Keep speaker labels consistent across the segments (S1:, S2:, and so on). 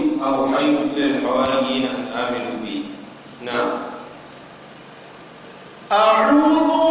S1: قولي أوحيت إلى الحواريين أن آمنوا بي نعم
S2: أعوذ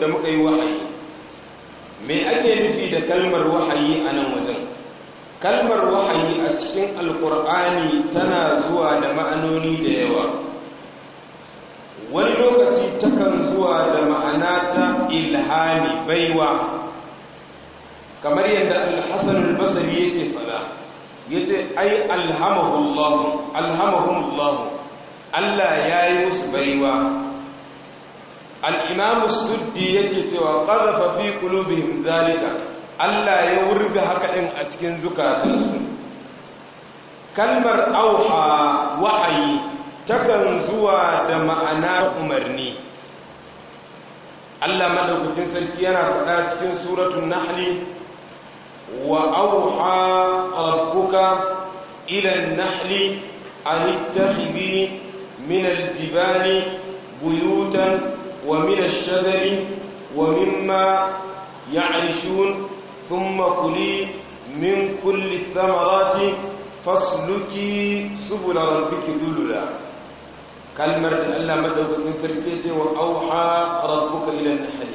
S1: da muka yi wahayi me ake nufi da kalmar wahayi a nan wajen kalmar wahayi a cikin alkur'ani tana zuwa da ma'anoni da yawa wani lokaci takan zuwa da ma'ana ta ilhani baiwa kamar yadda alhassan albasari yake fada ya ce ai alhamahullahu alhamahullahu allah ya yi musu baiwa al'imamu suddi yake cewa ƙazafa fi ƙulubihim zalika allah ya wurga haka ɗin a cikin zukatansu kalmar auha wa'ayi takan zuwa da ma'ana umarni allah maɗaukakin sarki yana faɗa cikin suratun nahli wa auha rabbuka ilan nahli an ittakhidhi min aljibali buyutan ومن الشجر ومما يعرشون ثم كلي من كل الثمرات فاسلكي سبل ربك ذللا كلمة الله مدوكتين سركيتي وأوحى ربك إلى النحل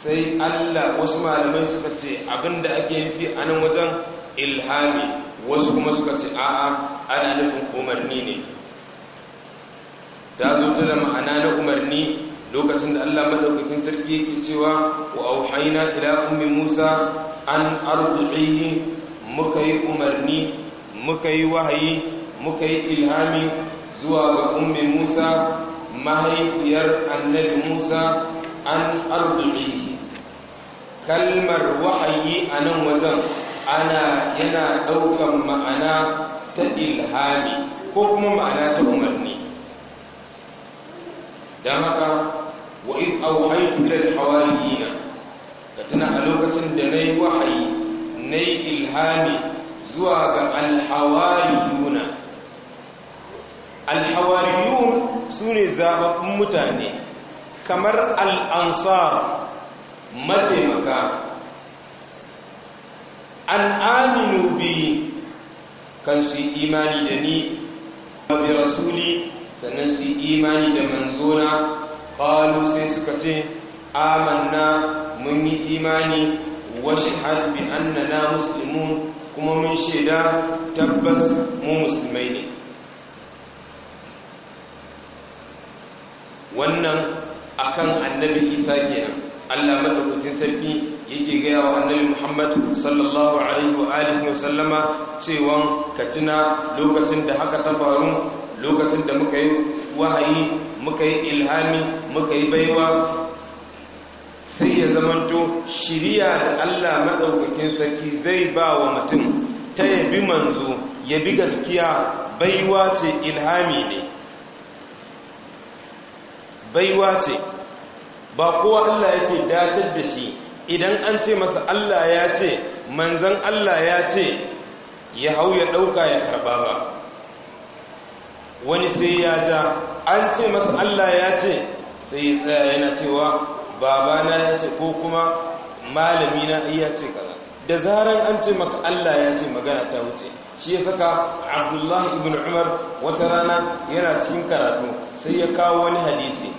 S1: sai Allah wasu malamai suka ce abinda ake nufi a nan wajen ilhami wasu kuma suka ce a'a ana nufin umarni ne ta da ma'ana na umarni lokacin da Allah madaukakin sarki yake cewa wa auhayna ila ummi Musa an arzuihi muka yi umarni muka yi wahayi muka yi ilhami zuwa ga ummi Musa mahaifiyar annabi Musa an arzuihi kalmar wahayi a nan wajen ana yana ɗaukar ma'ana ta ilhami ko kuma ma'ana ta umarni dan haka wa in auhaytu lil alhawariyina da tana a lokacin da nayi wahayi nayi ilhami zuwa ga al alhawariyun sune zababbun mutane kamar al-ansar mataimaka an aminu bi kan su imani da ni bi rasuli sannan su imani da manzona qalu sai suka ce amanna mun yi imani washhad bi annana muslimun kuma mun shaida tabbas mu musulmai ne wannan akan annabi isa kenan Allah madaukakin sarki yake gaya wa annabi Muhammad sallallahu alaihi wa alihi wa sallama cewa katina lokacin da haka ta faru lokacin da muka yi wahayi muka yi ilhami muka yi baiwa sai ya zamanto shiriya da Allah maɗaukakin sarki zai ba wa mutum ta yabi manzo yabi gaskiya baiwa ce ilhami ne baiwa ce ba kowa Allah yake datar da shi idan an ce masa Allah ya ce manzan Allah ya ce ya hau ya ɗauka ya karɓa ba wani sai ya ja an ce masa Allah ya ce sai ya tsaya yana cewa babana ya ce ko kuma malami na iya ce kaza da zaran an ce maka Allah ya ce magana ta wuce shi ya saka abdullahi ibn Umar wata rana yana cikin karatu sai ya kawo wani hadisi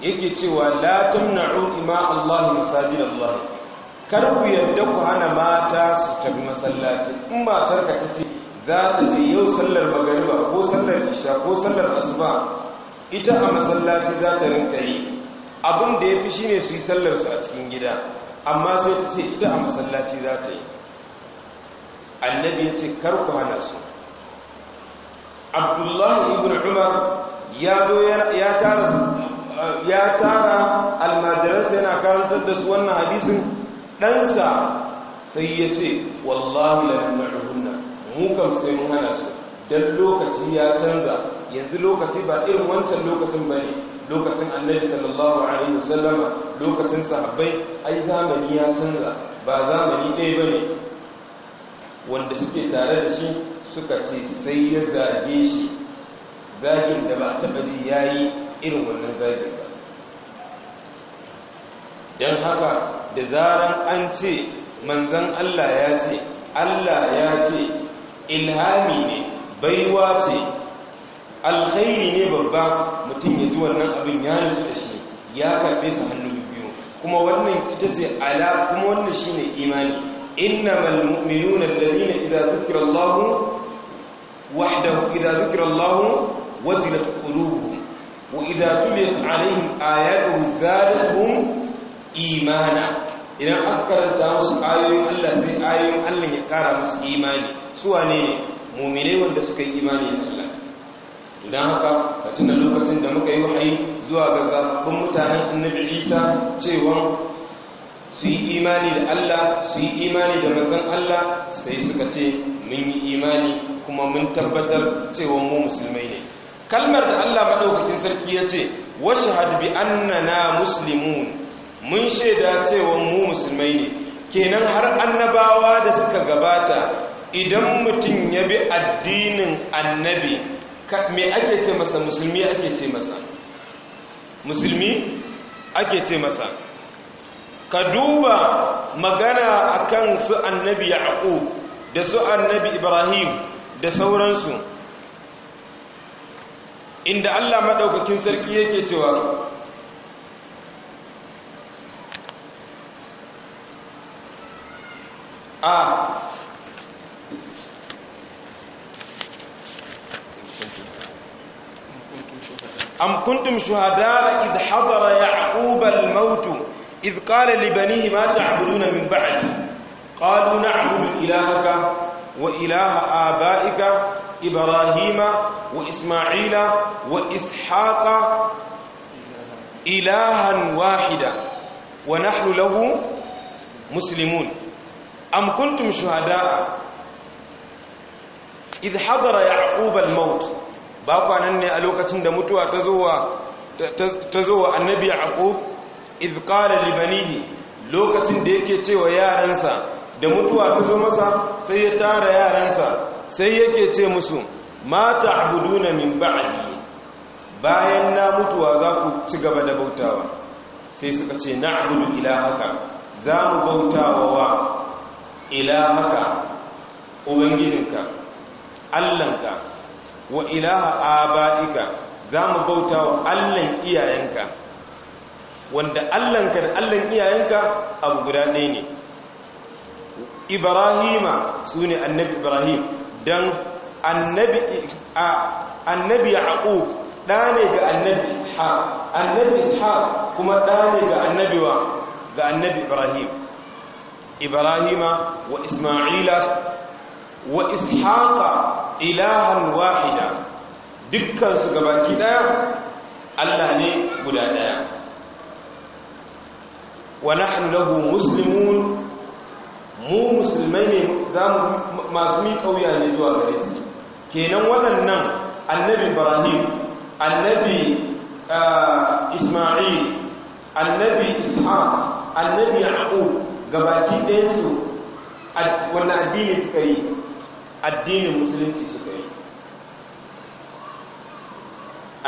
S1: yake cewa la tumna'u ima Allah masajid Allah kar ku yadda ku hana mata su tafi masallaci in matarka ka tace za ta je yau sallar magariba ko sallar isha ko sallar asuba ita a masallaci za ta rinka yi abin da ya fi shi ne su yi sallarsu a cikin gida amma sai ta ce ita a masallaci za ta yi annabi ya ce karku hana su abdullahi ibn umar ya zo ya tara ya tara almajiransa yana karantar da su wannan hadisin ɗansa sai ya ce wallahi la mukan sai mun hana su dan lokaci ya canza yanzu lokaci ba irin wancan lokacin bane lokacin annabi sallallahu alaihi wasallama lokacin sahabbai ai zamani ya canza ba zamani dai bane wanda suke tare da shi suka ce sai ya zage shi zagin da ba a baji ji ya irin wannan zagin ba don haka da zaran an ce manzan Allah ya ce Allah ya ce ilhami ne baiwa ce alkhairi ne babba mutum ya ji wannan abin ya da shi ya karbe su hannu biyu kuma wannan ita ce ala kuma wannan shi ne imani innamal mu'minuna alladhina idza dhukira Allah wahdahu idza dhukira Allah wa idza tuliyat imana idan aka karanta musu ayoyin Allah sai ayoyin Allah ya kara musu imani suwa ne muminai wanda suka yi imani na Allah idan haka ka tuna lokacin da muka yi wahayi zuwa ga zaɓaɓɓun mutanen annabi isa cewa su yi imani da Allah su yi imani da mazan Allah sai suka ce mun yi imani kuma mun tabbatar cewa mu musulmai ne kalmar da Allah maɗaukakin sarki ya ce washhad bi annana muslimun mun shaida cewa mu musulmai ne kenan har annabawa da suka gabata idan mutum ya bi addinin annabi me ake ce masa musulmi ake ce masa musulmi ake ce masa ka duba magana akan su annabi yaqub da su annabi ibrahim da sauransu inda Allah maɗaukakin sarki yake cewa a ah,
S2: أم كنتم شهداء إذ حضر يعقوب الموت
S1: إذ قال لبنيه ما تعبدون من بعد قالوا نعبد إلهك وإله آبائك إبراهيم وإسماعيل وإسحاق إلها واحدا ونحن له مسلمون أم كنتم شهداء إذ حضر يعقوب الموت ba kwanan ne a lokacin da mutuwa ta zo wa annabi yaqub iz qala li banihi lokacin da yake cewa yaransa da mutuwa ta zo masa sai ya tara yaransa sai yake ce musu ma ta'buduna min ba'di bayan na mutuwa za ku ci gaba da bautawa sai suka ce na'budu ilahaka za mu bautawa wa ilahaka ubangijinka allanka wa ilaha aba'ika za mu bauta wa allan iyayenka wanda allanka da allan iyayenka abu guda ɗaya ne ibrahima su ne annabi ibrahim don annabi ya'ub ɗa ne ga annabi ishaq annabi ishaq kuma ɗa ne ga annabi wa ga annabi ibrahim ibrahima wa isma'ila wa ishaqa ilahan wahida dukkan su gabaki daya Allah ne guda daya wa nahnu lahu muslimun mu musulmai ne zamu masu mi kauya ne zuwa gare shi kenan waɗannan annabi Ibrahim annabi ah, Isma'il annabi Ishaq annabi Yaqub gabaki daya su wannan addini suka yi addinin musulunci suka yi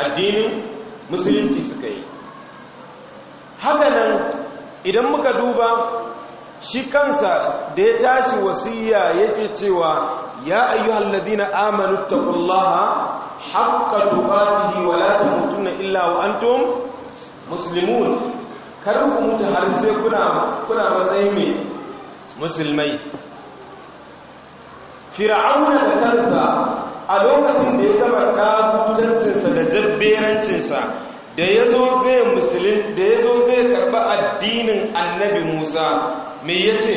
S1: addinin musulunci suka yi hakanan idan muka duba shi kansa da ya tashi wasiya yake cewa ya ayyuhal ladina amanu taqullaha haqqa tuqatihi wa la na illa wa antum muslimun kar ku mutu har sai kuna kuna matsayin musulmai fir'auna da kansa a lokacin da ya gaba ɗakutancinsa da jabberancinsa da ya zo zai musulun da ya zo zai karɓi addinin annabi musa mai ya ce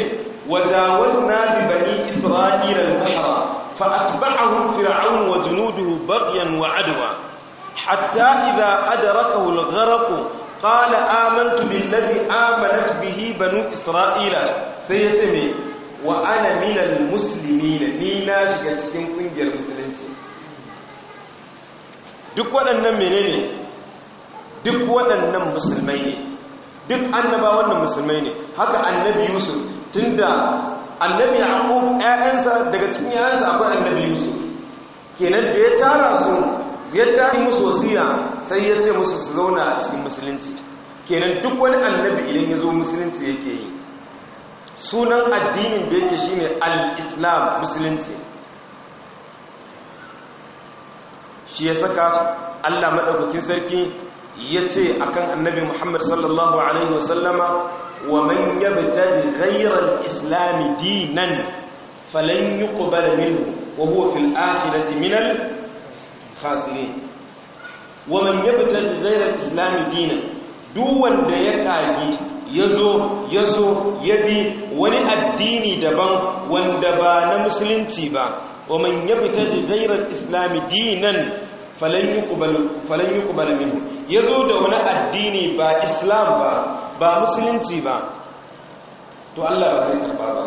S1: wajawazna bi bani isra'ila al-bahra fa atba'ahu fir'aun wa junuduhu baghyan wa adwa hatta idha adrakahu al-gharq qala amantu billadhi amanat bihi banu isra'ila sai yace me wa ana minal ne ni na shiga cikin kungiyar musulunci duk waɗannan menene duk waɗannan musulmai ne duk annaba wannan musulmai ne haka annabi yusuf tunda annabi yaqub ƴaƴansa daga cikin ƴaƴansa akwai annabi yusuf kenan da ya tara su ya tara musu wasiya sai ya ce musu su zauna a cikin musulunci kenan duk wani annabi idan ya zo musulunci yake yi sunan addinin da yake shine al-islam musulunci shi ya saka Allah madaukakin sarki ya yace akan annabi Muhammad sallallahu alaihi wasallama wa man yabtadi da al-islam dinan falan yuqbal minhu wa huwa fil akhirati min al-khasirin wa man yabtadi da al-islam dinan duk wanda ya kage ya zo ya zo ya bi wani addini daban wanda ba na musulunci ba wa man da zairar islami dinan falan yi kubala minu ya zo da wani addini ba islam ba ba musulunci ba to allah ba zai karba ba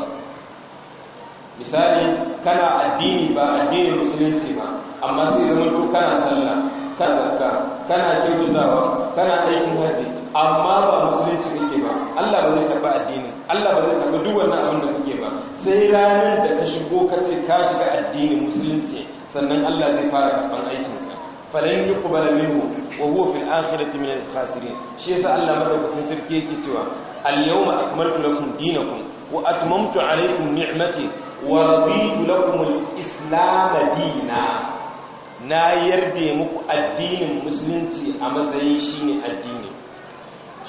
S1: misali kana addini ba addinin musulunci ba amma sai zama to kana sallah kana zarka kana kyautatawa kana aikin hajji amma ba musulunci kake ba Allah ba zai karba addinin Allah ba zai karba duk wannan abin da kake ba sai ranar da ka shigo ka ce ka shiga addinin musulunci sannan Allah zai fara karban aikinka falan yuqbal minhu wa huwa fil akhirati min al khasirin shi yasa Allah madaukakin sarki yake cewa al yawma akmaltu lakum dinakum wa atmamtu alaykum ni'mati wa raditu lakum al islam dina na yarda muku addinin musulunci a matsayin shine addini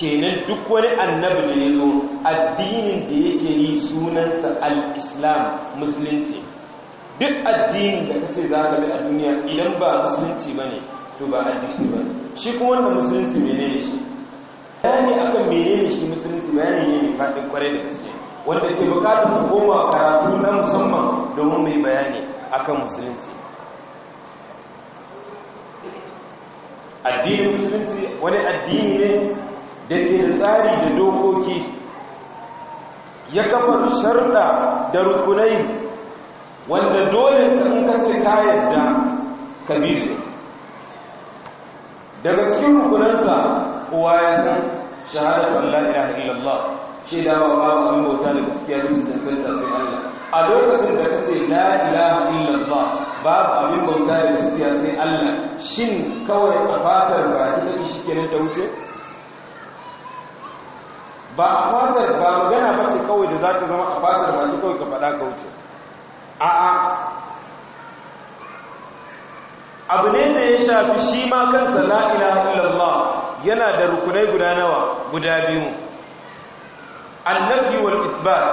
S1: kenan duk wani annabi da ya zo addinin da yake yi sunansa al'islam musulunci duk addinin da kace za ka bi a duniya idan ba musulunci ba ne to ba addinin ba shi kuma wanda musulunci menene shi bayani akan ne shi musulunci bayani ne mai faɗin kware da musulunci wanda ke bukatar goma karatu na musamman domin mai bayani akan musulunci addinin musulunci wani addini ne da ke da tsari da dokoki ya kafa sharɗa da rukunai wanda dole in ka ce ka yadda ka bi su daga cikin rukunansa kowa ya san shahadar Allah shi illallah shaidawa ba a bauta da gaskiya bisa tantanta sai Allah a lokacin da ka kace la ilaha illallah babu abin bauta da gaskiya sai Allah shin kawai a fatar ba ita shi kenan ta wuce ba a kwazar ba magana ba ce kawai da za ta zama a fatar masu kawai ka faɗa ka wuce a'a abu ne da ya shafi shi ma kansa la'ila illallah yana da rukunai guda nawa guda biyu annabi wal isbat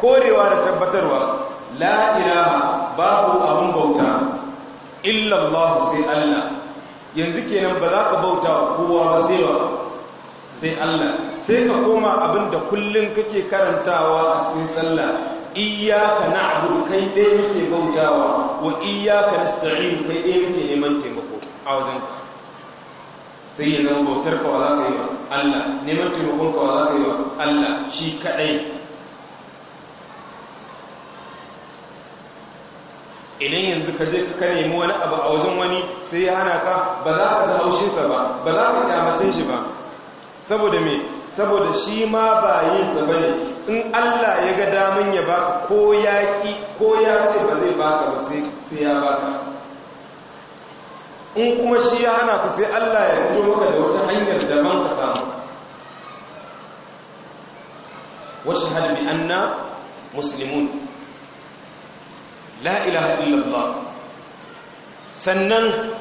S1: korewa da tabbatarwa la'ila babu abun bauta illallah sai Allah yanzu kenan ba za ka bauta kowa ba sai Allah sai ka koma abinda kullum kake karantawa a cikin sallah na abu kai ɗaya muke bautawa wa na nasta'in kai ɗaya muke neman taimako a wajen ka sai ya zama bautar ka wa za ka yi wa Allah neman taimakon ka wa za ka yi wa Allah shi kaɗai. idan yanzu ka je ka nemi wani abu a wajen wani sai ya hana ka ba za ka da haushinsa ba ba za ka kyamace shi ba saboda me saboda shi ma ba yin bane in Allah ya ga damin ya ba ko ya ki ko ya ce ba zai baka ba sai ya baka in kuma shi ya hana ku sai Allah ya fito maka da wata hanyar da man ka samu washhad bi anna musulmun la haɗin illallah sannan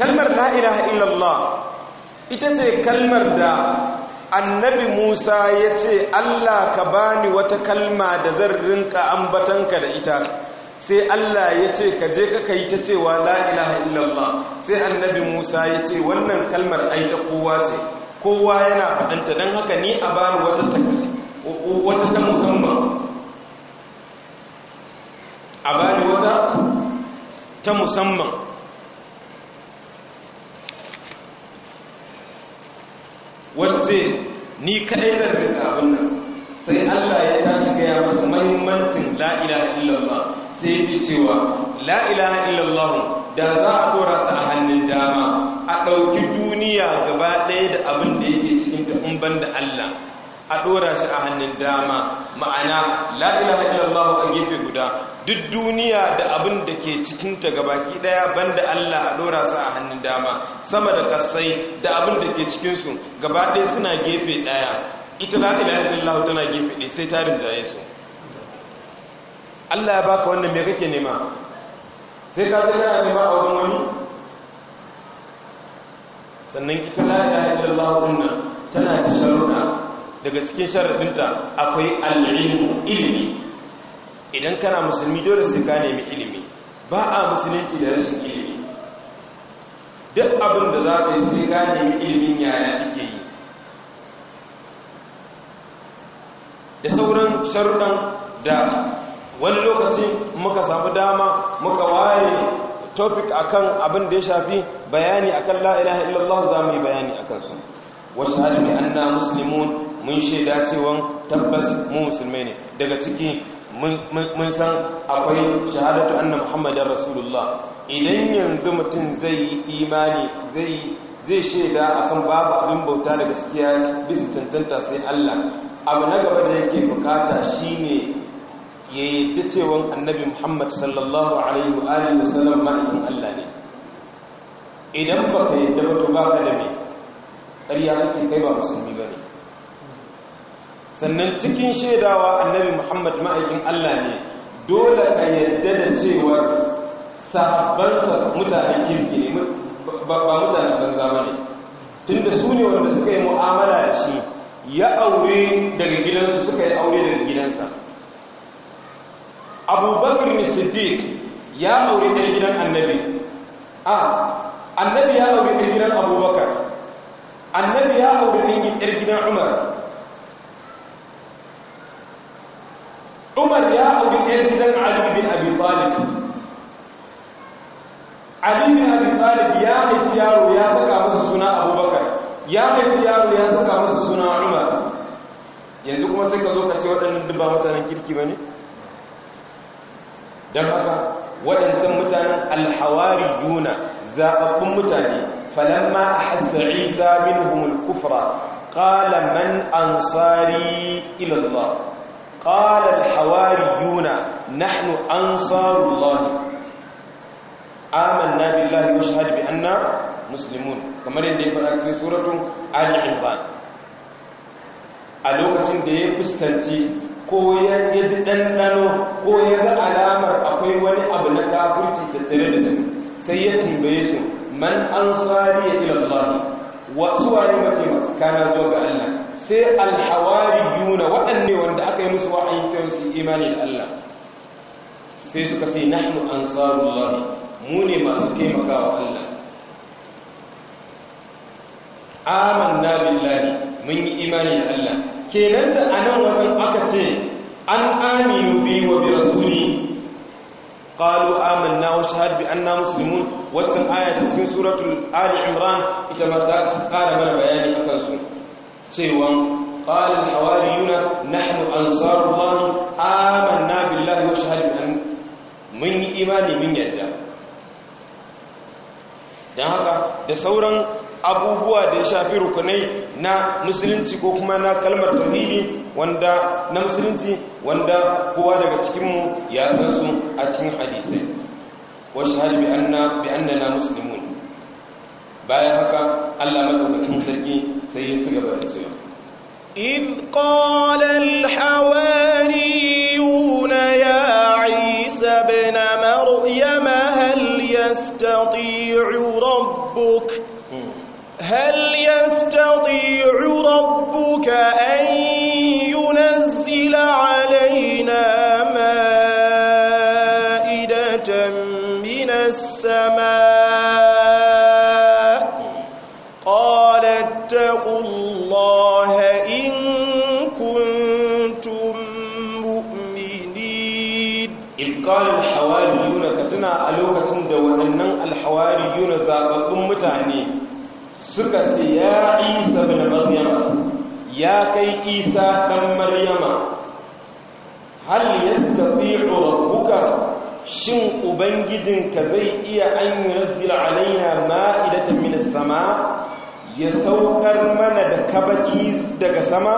S1: kalmar la haɗin illallah ita ce kalmar da annabi musa ya ce allah ka bani wata kalma da zan rinka ambatanka da ita sai allah ya ce ka je kaka yi ta cewa la'ilaha illallah sai annabi musa ya ce wannan kalmar aita kowa ce kowa yana faɗanta don haka ni a bani wata ta musamman a bani wata ta musamman wacce ni kadai da rika abin nan sai Allah ya tashi gaya masa mahimmancin la ilaha illallah sai yake cewa la ilaha illallah da za a kora ta a hannun dama a ɗauki duniya gaba ɗaya da abin da yake cikin ta in ban da Allah a ɗora shi a hannun dama ma'ana la'ilaha illallah a gefe guda duk duniya da abin da ke cikinta gabaki ɗaya banda Allah a ɗora su a hannun dama sama da kasai da abin da ke cikinsu gaba ɗaya suna gefe ɗaya ita la'ilaha illallah tana gefe ɗaya sai tarin jaye su Allah ya baka wannan me kake nema sai ka zai kana nema a wurin wani sannan ita la'ilaha illallah tana da sharuɗa daga cikin sharaɗinta akwai al'ilmu ilimi idan kana musulmi dole sai ka nemi ilimi ba a musulunci da rashin ilimi duk abin da za ka yi sai ka nemi ilimin yaya ake yi da sauran sharuɗan da wani lokaci muka samu dama muka ware topic akan abin da ya shafi bayani akan la illallah za mu yi bayani akan su wasu halin anna muslimun mun shaida cewa tabbas mu musulmai ne daga ciki mun san akwai shahadatu anna muhammadin rasulullah idan yanzu mutum zai yi imani zai zai shaida akan babu abin bauta da gaskiya bisa cancanta sai Allah abu na gaba da yake bukata shine ya yadda cewa annabi Muhammad sallallahu alaihi wa alihi wa sallam ma'aikin Allah ne idan baka yadda ba to baka da me ƙarya kake kai ba musulmi ba ne. sannan cikin shaidawa annabi muhammad ma'aikin allah ne dole ka yadda da cewa sahabbansa mutanen kirki ne ba mutanen banza ba ne tun da su ne wanda suka yi mu'amala da shi ya aure daga gidansu suka yi aure daga gidansa abubakar ne siddiq ya aure daga gidan annabi a annabi ya aure daga gidan abubakar annabi ya aure daga gidan umar عمر جاءه بالإذن علي بن أبي طالب Ali bin Abi Talib ya haifi yaro ya saka masa suna Abubakar ya haifi yaro ya saka masa suna Umar yanzu kuma sai ka zo ka ce waɗannan dubba mutanen kirki bane dan haka waɗancan mutanen alhawariyuna zaɓaɓɓun mutane falamma ahassa Isa minhum al-kufra qala man ansari ila Allah قال الحواريون نحن أنصار الله آمنا بالله واشهد بأننا مسلمون kamar yadda ya fara cikin suratul ali imran a lokacin da ya fuskanci ko ya ji ɗanɗano ko ya ga alamar akwai wani abu na kafirci tattare da su sai ya tambaye su man ansari ila Allah wa suwaye mafi kana zuwa ga Allah sai alhawariyuna waɗanne wanda aka yi musu wahayi ta su imani da Allah sai suka ce nahnu ansarullahi mu ne masu taimakawa Allah amanna billahi mun yi imani da Allah kenan da anan wajen aka ce an aminu bi wa bi rasuli قالوا آمنا واشهد بأننا مسلمون واتن آية تتكين سورة آل عمران إتما تقال من بياني أكنسون cewa hannu an tsarruwan أنصار na billah بالله وشهد بأن mun yi imani mun yadda don haka da sauran abubuwa da ya shafi rukunai na musulunci ko kuma na kalmar tauhidi wanda na musulunci wanda kowa daga cikinmu ya san a cikin hadisai wasu hali bi na musulmi bayan haka Allah madaukakin sarki sai ya cigaba da cewa
S2: إذ قال الحواريون يا عيسى ابن مريم هل يستطيع ربك هل يستطيع ربك أن
S1: suka ce ya isa bin maryama ya kai isa dan maryama hal yastati'u rabbuka shin ka zai iya an yunzila alaina ma'idatan as sama ya saukar mana da kabaki daga sama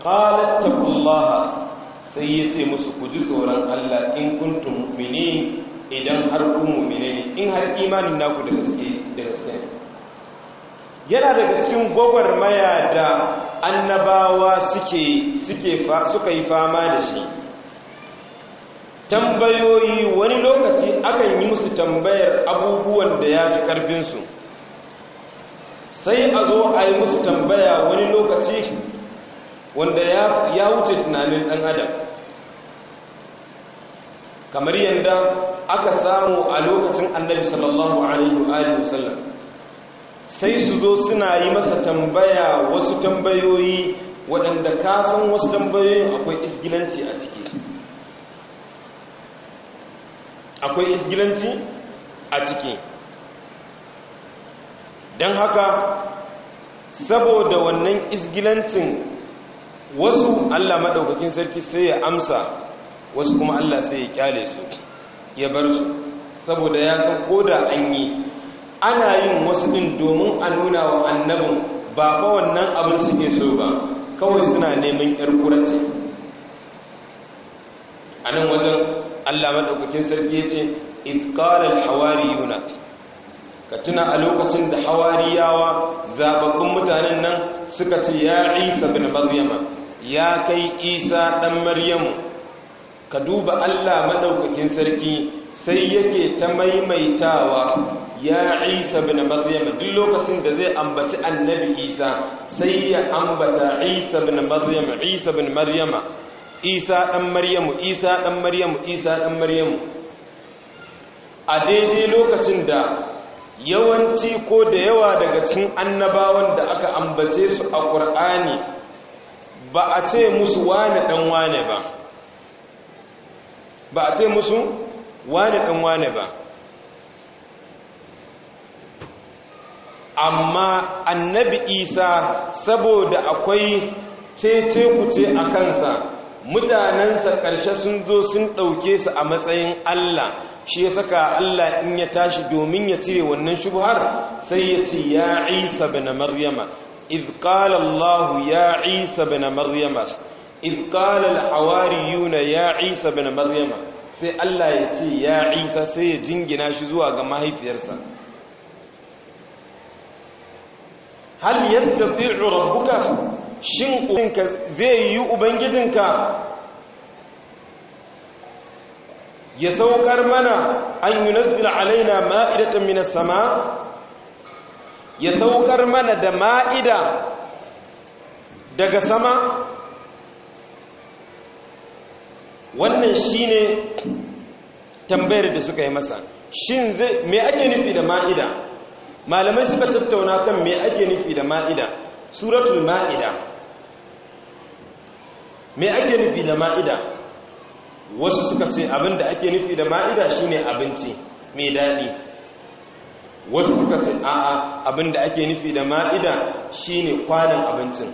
S1: qalat taqullaha sai yace musu ku ji tsoron Allah in kuntum mu'minin idan har ku mu'minin in har imanin naku da gaske da gaske yana daga cikin gwagwarmaya da annabawa suka yi fama da shi tambayoyi wani lokaci akan yi musu tambayar abubuwan da ya fi karfinsu sai a zo a yi musu tambaya wani lokaci wanda ya wuce tunanin ɗan adam kamar yadda aka samu a lokacin annabi sallallahu alaihi wa sallam sai su zo suna yi masa tambaya wasu tambayoyi waɗanda ka san wasu tambayoyin akwai isgilanci a ciki akwai isgilanci a ciki don haka saboda wannan isgilancin wasu allah maɗaukakin sarki sai ya amsa wasu kuma allah sai ya kyale su ya bar su saboda ya san ko da an yi ana yin wasu ɗin domin a nuna wa annabin ba ba wannan abin suke so ba kawai suna neman yar kuraci a nan wajen allah maɗaukakin sarki ya ce itkarar hawari yuna ka tuna a lokacin da hawariyawa zaɓaɓɓun mutanen nan suka ce ya isa bin maryama ya kai isa ɗan maryamu ka duba allah maɗaukakin sarki sai yake ta maimaitawa ya isa bin maryam duk lokacin da zai ambaci annabi isa sai ya ambata isa bin maryam isa bin maryama isa dan maryamu isa dan maryamu isa dan maryamu a daidai lokacin da yawanci ko da yawa daga cikin annabawan da aka ambace su a qur'ani ba a ce musu wani dan wane ba ba a ce musu wani dan wane ba amma annabi isa saboda akwai cece kuce a kansa mutanensa ƙarshe sun zo sun ɗauke su a matsayin allah shi ya saka allah in ya tashi domin ya cire wannan shubhar sai ya ce ya isa bin maryama إذ قال الله يا عيسى بن مريم إذ قال الحواريون يا عيسى بن مريم sai Allah ya ce ya Isa sai ya jingina shi zuwa ga mahaifiyarsa hal yastati'u rabbuka shin ubinka zai yi ubangijinka ya saukar mana an yunazzil alaina ma'idatan minas sama ya saukar mana da ma'ida daga sama wannan shine tambayar da suka yi masa shin me ake nufi da ma'ida malamai suka tattauna kan me ake nufi da ma'ida suratul ma'ida me ake nufi da ma'ida wasu suka ce abin da ake nufi da ma'ida shine abinci mai daɗi wasu suka ce a'a abin da ake nufi da ma'ida shine kwanan abincin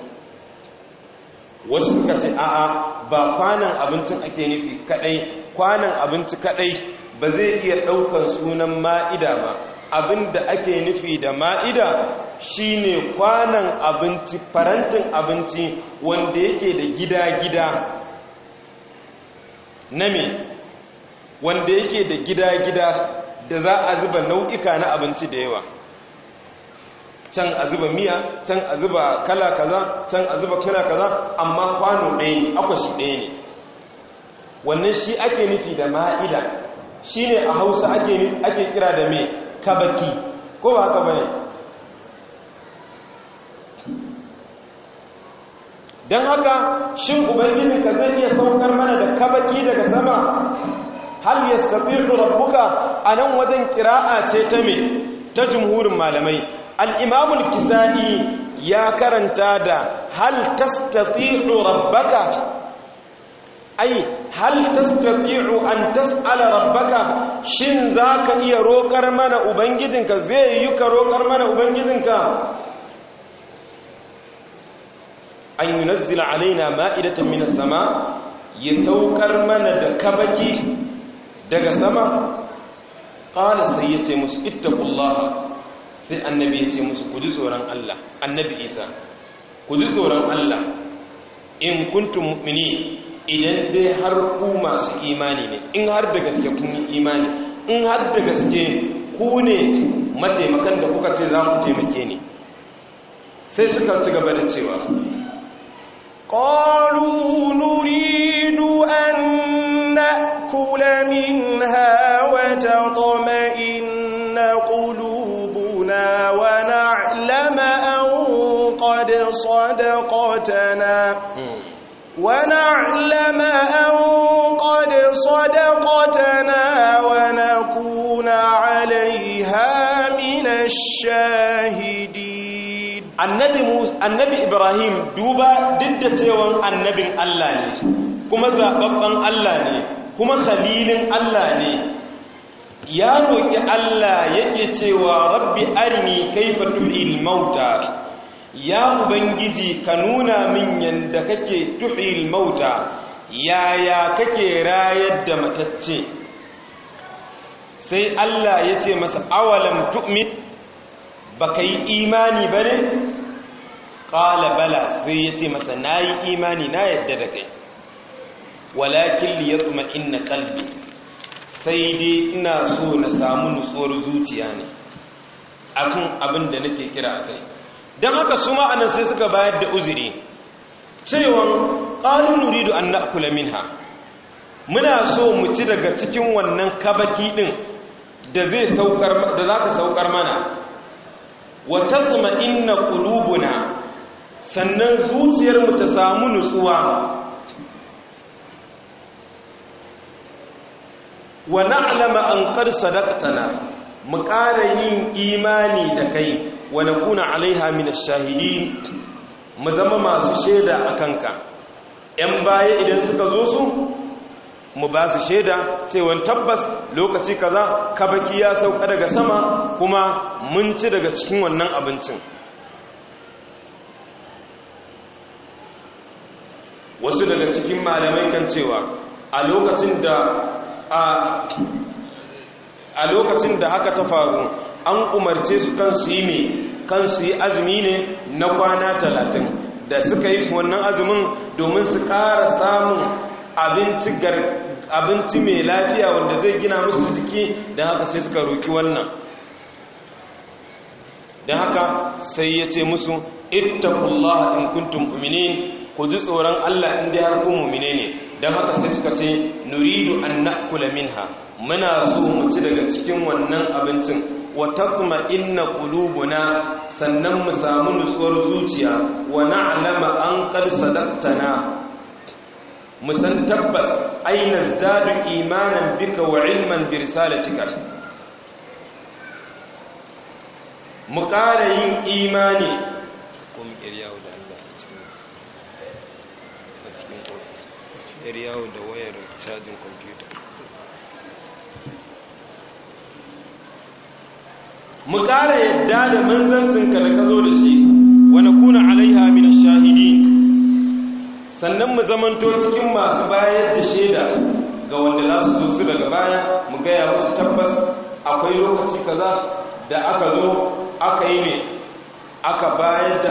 S1: wasu suka ce a'a ba kwanan abincin ake nufi kadai kwanan abinci kadai ba zai iya ɗaukan sunan ma'ida ba Abin da ake nufi da ma'ida shi ne kwanan abinci farantin abinci wanda yake da gida-gida na me wanda yake da gida-gida da za a zuba nau'ika na abinci da yawa can a zuba miya can a zuba kala kaza can a zuba kala kaza amma kwano ɗaya ne akwashi ɗaya ne wannan shi ake nufi da ma'ida shi ne a hausa ake kira da mai kabaki ko ba haka bane don haka shin ubangiji ka zai iya saukar mana da kabaki daga sama hal yastati'u rabbuka nan wajen kira'a ce ta me ta jumhurin malamai al-imam ya karanta da hal tastati'u rabbaka ai hal tastati'u an tas'ala rabbaka shin zaka iya rokar mana ubangijinka zai yi ka rokar mana ubangijinka an yunzila alaina ma'idatan minas sama ya saukar mana da kabaki daga sama qala sai yace musu ittaqullaha sai annabi yace musu ku ji tsoron Allah annabi Isa ku ji tsoron Allah in kuntum mu'minin idan dai har ku masu imani ne in har da gaske kun yi imani in har da gaske ku ne mataimakan da kuka ce za mu taimake ni sai suka ci gaba da cewa in na
S2: أن نأكل منها na قلوبنا an أن قد صدقتنا ƙotana. ونعلم أن قد صدقتنا ونكون عليها من
S1: الشاهدين النبي, موسى النبي إبراهيم دوبا ضد تيوان النبي الله كما زاببان الله كما خليل الله ya roƙi Allah yake cewa rabbi arni kaifa tuhil mauta ya ubangiji ka nuna min yanda kake tuhil mauta yaya kake rayar da matacce sai Allah ya ce masa awalam tu'min baka yi imani bane qala bala sai ya ce masa nayi imani na yadda da kai walakin kuma ina qalbi sai dai ina so na samu nutsuwar zuciya ne akan abin da nake kira a kai. don haka su ma'anan sai suka bayar da uzuri cewan ƙalu nuridu an min ha. muna so mu ci daga cikin wannan kabaki ɗin da zai saukar za ka saukar mana wata kuma inna ƙulubuna sannan zuciyarmu ta samu nutsuwa wa na'alama an qad sadaqtana mu ƙara yin imani da kai wa kuna alaiha min ash mu zama masu shaida a kanka yan baya idan suka zo su mu ba su sheda cewa tabbas lokaci kaza kabaki ya sauka daga sama kuma mun ci daga cikin wannan abincin
S2: wasu daga cikin malamai kan cewa
S1: a lokacin da a lokacin da haka ta faru an umarce su kan su yi mai yi azumi ne na kwana talatin da suka yi wannan azumin domin su kara samun abinci mai lafiya wanda zai gina musu jiki don haka sai suka roki wannan da haka sai ya ce musu ittakullah in kuntum uminin ku ji tsoron Allah inda ya ku mu'mine ne don haka sai suka ce nuridu an na'kula minha muna so mu ci daga cikin wannan abincin wa taqma inna qulubuna sannan mu samu nutsuwar zuciya wa na'lama an qad sadaqtana mu san tabbas aina zadu imanan bika wa ilman bi risalatika mu ƙara yin imani kun ƙiryawo da Allah a cikin ofis ƙiryawo da wayar cajin kwamfuta
S2: mu ƙara yadda da manzancinka da ka da
S1: shi wani kuna alaiha min shahidi sannan mu zamanto cikin masu bayar da shaida ga wanda za su zo daga baya mu gaya musu tabbas akwai lokaci kaza da aka zo aka yi ne aka bayar da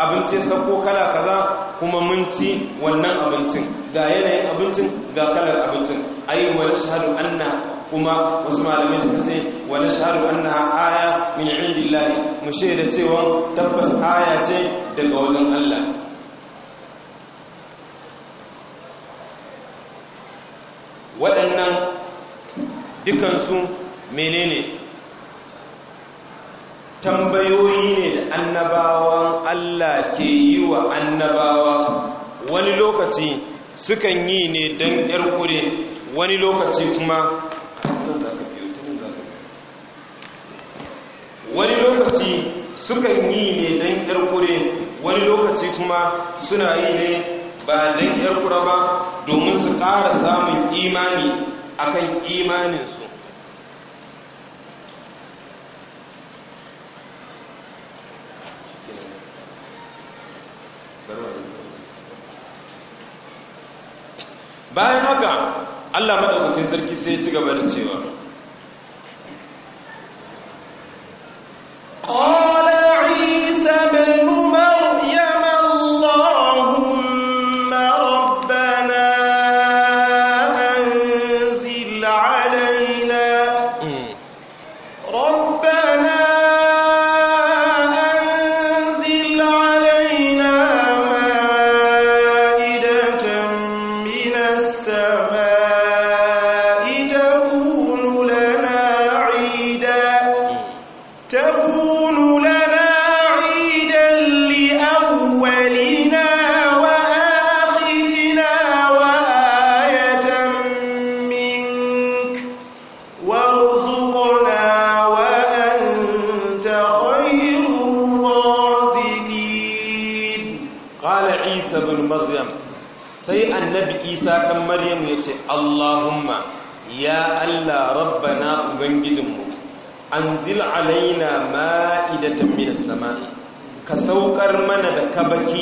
S1: abinci ya sauko kala kaza kuma mun ci wannan abincin ga yanayin abincin ga kalar abincin ayi wani shahadu anna kuma wasu malamai sun ce wa ana na aya min lai mu shaida cewa tabbas aya ce daga wajen Allah waɗannan dukansu menene tambayoyi ne da annabawan Allah ke yi wa annabawa wani lokaci sukan yi ne don ƴar kure wani lokaci kuma wani lokaci suka yi ne don ƙarƙure wani lokaci kuma suna yi ne ba don ƙarƙura ba domin su ƙara samun imani
S2: akan imaninsu
S1: bayan haka allah maɗaukakin sarki sai ya ci gaba da cewa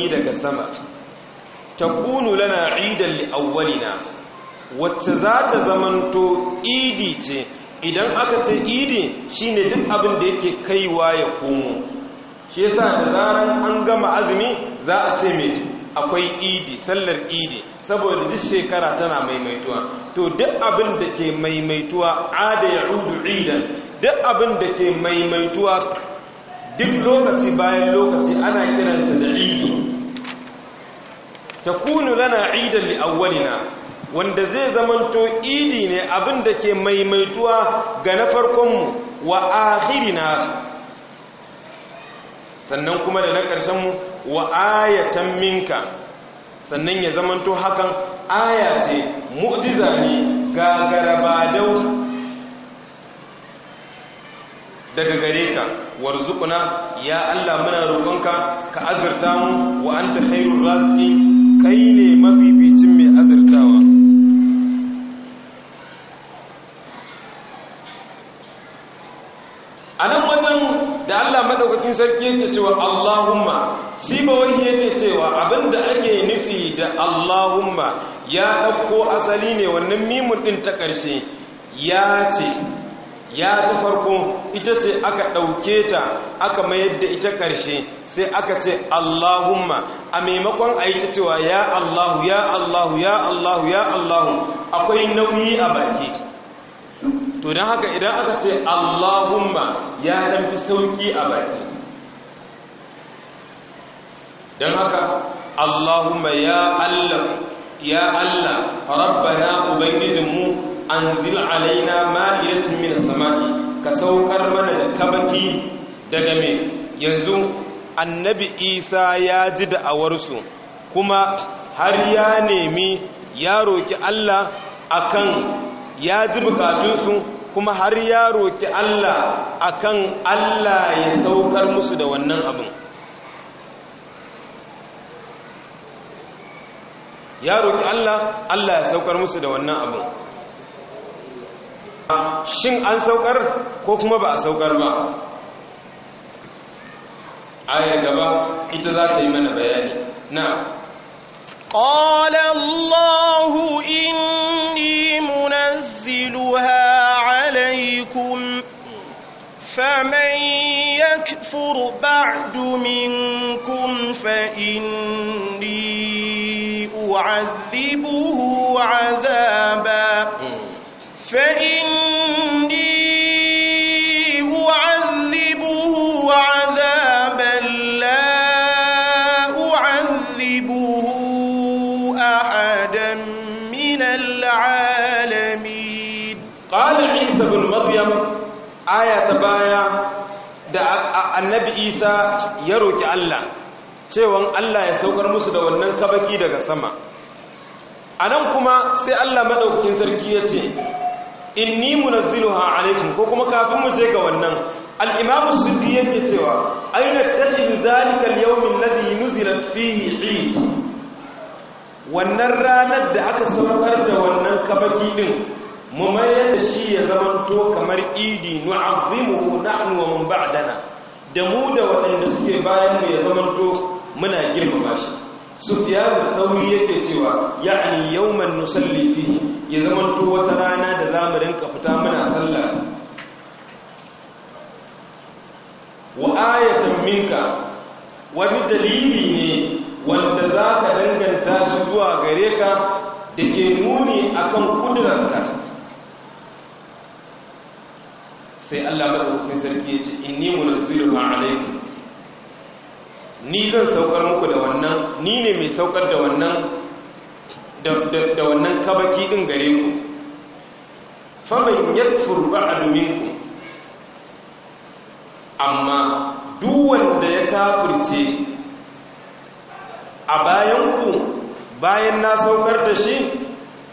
S1: daga sama takunu lana idan li awwalina wacce za ta zamanto idi ce idan aka ce idi shine duk abin da yake kaiwa ya komo shi yasa da zaran an gama azumi za a ce me akwai idi sallar idi saboda duk shekara tana maimaituwa to duk abin da ke maimaituwa ada ya'udu idan duk abin da ke maimaituwa duk lokaci bayan lokaci ana kiransa da idi takunu lana idan li awwalina wanda zai zamanto idi ne abin da ke maimaituwa ga na farkonmu wa akhirina sannan kuma da na mu wa ayatan minka sannan ya zamanto hakan aya ce mu'jiza ne ga garabadau daga gare ka warzuquna ya Allah muna roƙonka ka azurta mu wa anta khairur raziqin kai ne mafificin mai azurtawa a nan wajen da allah maɗaukakin sarki yake cewa allahumma shi ba wani yake cewa abinda ake nufi da allahumma ya ɗauko asali ne wannan mimun ɗin ta ƙarshe ya ce ya ta farko ita ce aka ɗauke ta aka mayar da ita ƙarshe sai aka ce allahumma a maimakon a yi ta cewa ya allahu ya allahu ya allahu ya allahu akwai nauyi a baki to don haka idan aka ce allahumma ya fi sauƙi a baki don haka allahumma ya allah ya allah rabbana ubangijinmu an zil alaina ma'ilatin min sama'i ka saukar mana da kabaki daga mai yanzu annabi isa ya ji da'awarsu kuma har ya nemi ya roƙi allah akan ya ji bukatunsu kuma har ya roƙi allah akan allah ya saukar musu da wannan abin ya roƙi allah allah ya saukar musu da wannan abin shin an saukar ko kuma ba a saukar ba آية gaba ita za ta yi mana bayani na
S2: قال الله إني منزلها عليكم فمن يكفر بعد منكم فإني أعذبه عذابا فإن maryam aya ta baya da
S1: annabi isa ya roki allah cewa allah ya saukar musu da wannan kabaki daga sama a nan kuma sai allah maɗaukakin sarki ya ce inni munazziluha alaikum ko kuma kafin mu je ga wannan al-imam as yake cewa aina tajidu zalika al-yawm alladhi nuzilat fihi eid wannan ranar da aka saukar da wannan kabaki din mu mayar da shi ya zamanto kamar idi nu'azzimuhu nahnu wa mun ba'dana da mu da waɗanda suke bayan mu ya zamanto muna girmama shi sufyan thauri yake cewa ya'ni yawman nusalli fi ya zamanto wata rana da zamu rinka fita muna sallah wa ayatan minka wani dalili ne wanda za ka danganta shi zuwa gare ka da ke nuni akan kudurarka sai Allah madaukakin sarki ya ce inni munazziluha alaikum ni zan saukar muku da wannan ni ne mai saukar da wannan da wannan kabaki din gare ku faman yakfur ba'd minkum amma duk wanda ya kafirce a bayan ku bayan na saukar da shi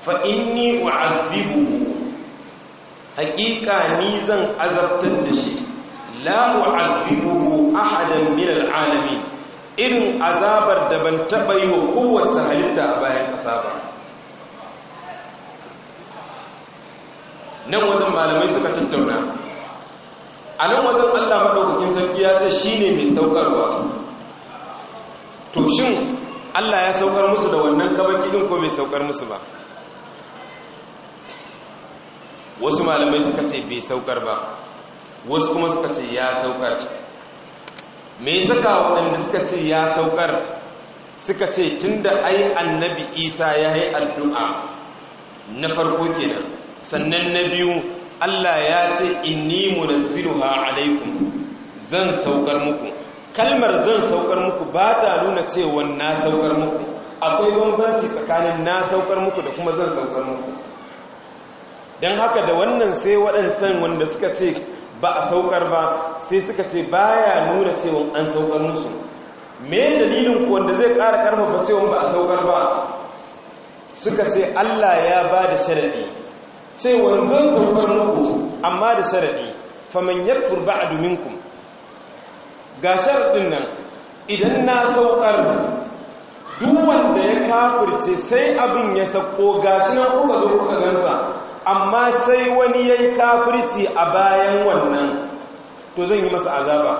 S1: fa inni u'adhibuhu hakika ni zan azabtar da shi la u'adhibuhu ahadan min al'alamin irin azabar da ban taba yi wa kowace halitta a bayan ƙasa ba nan wajen malamai suka tattauna a nan wajen Allah maɗaukakin sarki ya ce shine mai saukarwa to shin Allah ya saukar musu da wannan kabaki din ko bai saukar musu ba wasu malamai suka ce bai saukar ba
S2: wasu kuma suka ce ya saukar
S1: me saka waɗanda suka ce ya saukar suka ce tunda ai annabi isa ya yi addu'a na farko kenan sannan na biyu allah ya ce inni munazziruha alaikum zan saukar muku kalmar zan saukar muku ba ta nuna cewa na saukar muku akwai bambanci tsakanin na saukar muku da kuma zan saukar muku don haka da wannan sai waɗancan wanda suka ce ba a saukar ba sai suka ce ba ya nuna cewa an saukar musu me dalilin ku wanda zai ƙara ƙarfafa cewa ba a saukar ba suka ce Allah ya ba da sharaɗi cewa zan saukar muku amma da sharaɗi faman turba a dominku ga sharaɗin nan idan na saukar duk wanda ya kafirce sai abin ya sako gashi na kuka zo kuka gansa amma sai wani ya yi kafirci a bayan wannan to zan yi masa azaba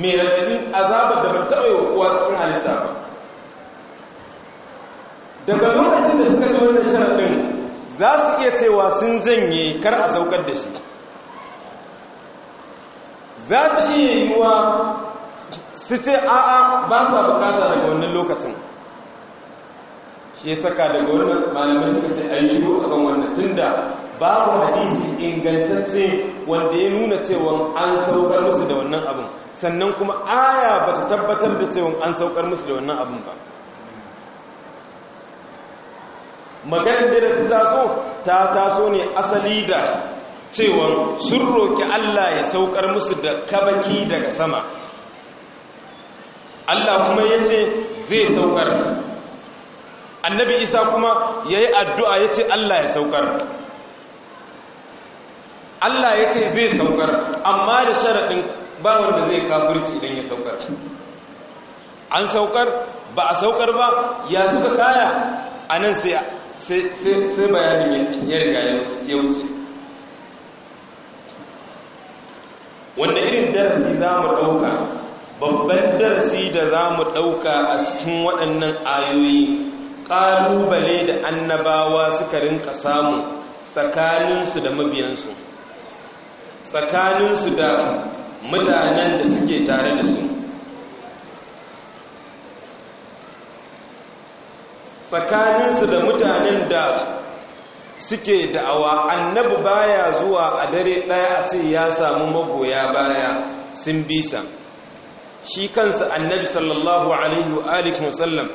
S1: mai raɗaɗin azabar da ban taɓa yi kuwa cikin halitta ba
S2: daga lokacin da suka ga wannan sharaɗin
S1: za su iya cewa sun janye kar a saukar da shi za ta iya yiwuwa su ce a'a ba sa bukata daga wannan lokacin shi saka daga wannan malamai suka ce ayi shiru akan wannan tunda babu hadisi ingantacce wanda ya nuna cewa an saukar musu da wannan abin sannan kuma aya ba ta tabbatar da cewa an saukar musu da wannan abin ba maganar da ta taso ta taso ne asali da cewa sun roƙi Allah ya saukar musu da kabaki daga sama Allah kuma ya ce zai saukar annabi isa kuma ya yi addu'a ya ce allah ya saukar allah ya ce zai saukar amma da sharaɗin ba wanda zai kafirci idan ya saukar an saukar ba a saukar ba ya suka kaya a nan sai bayanin ya riga ya wuce wanda irin darasi za mu ɗauka babban darasi da za mu ɗauka a cikin waɗannan ayoyi ƙalubale da annabawa suka rinka samu tsakaninsu da mabiyansu tsakaninsu da mutanen da suke tare da su tsakaninsu da mutanen da suke da'awa annabu baya zuwa a dare ɗaya a ce ya samu magoya baya sun bisa shi kansa annabi sallallahu alaihi wa alihi wasallam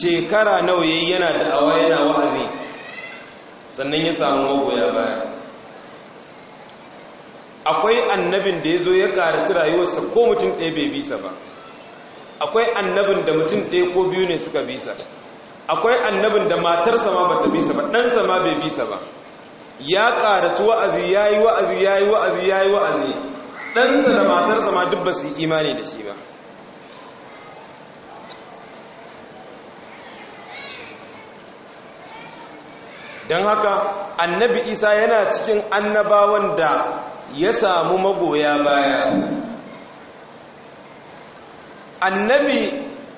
S1: shekara nawa yayi yana da awa yana wa'azi sannan ya samu magoya baya akwai annabin da ya zo ya karaci rayuwarsa ko mutum ɗaya bai bisa ba akwai annabin da mutum ɗaya ko biyu ne suka bisa akwai annabin da matarsa ma bata bisa ba ɗansa ma bai bisa ba ya karaci wa'azi ya yi wa'azi ya yi wa'azi ya yi wa'azi ɗansa da matarsa ma duk ba su imani da shi ba don haka annabi isa yana cikin annabawan da ya samu magoya baya annabi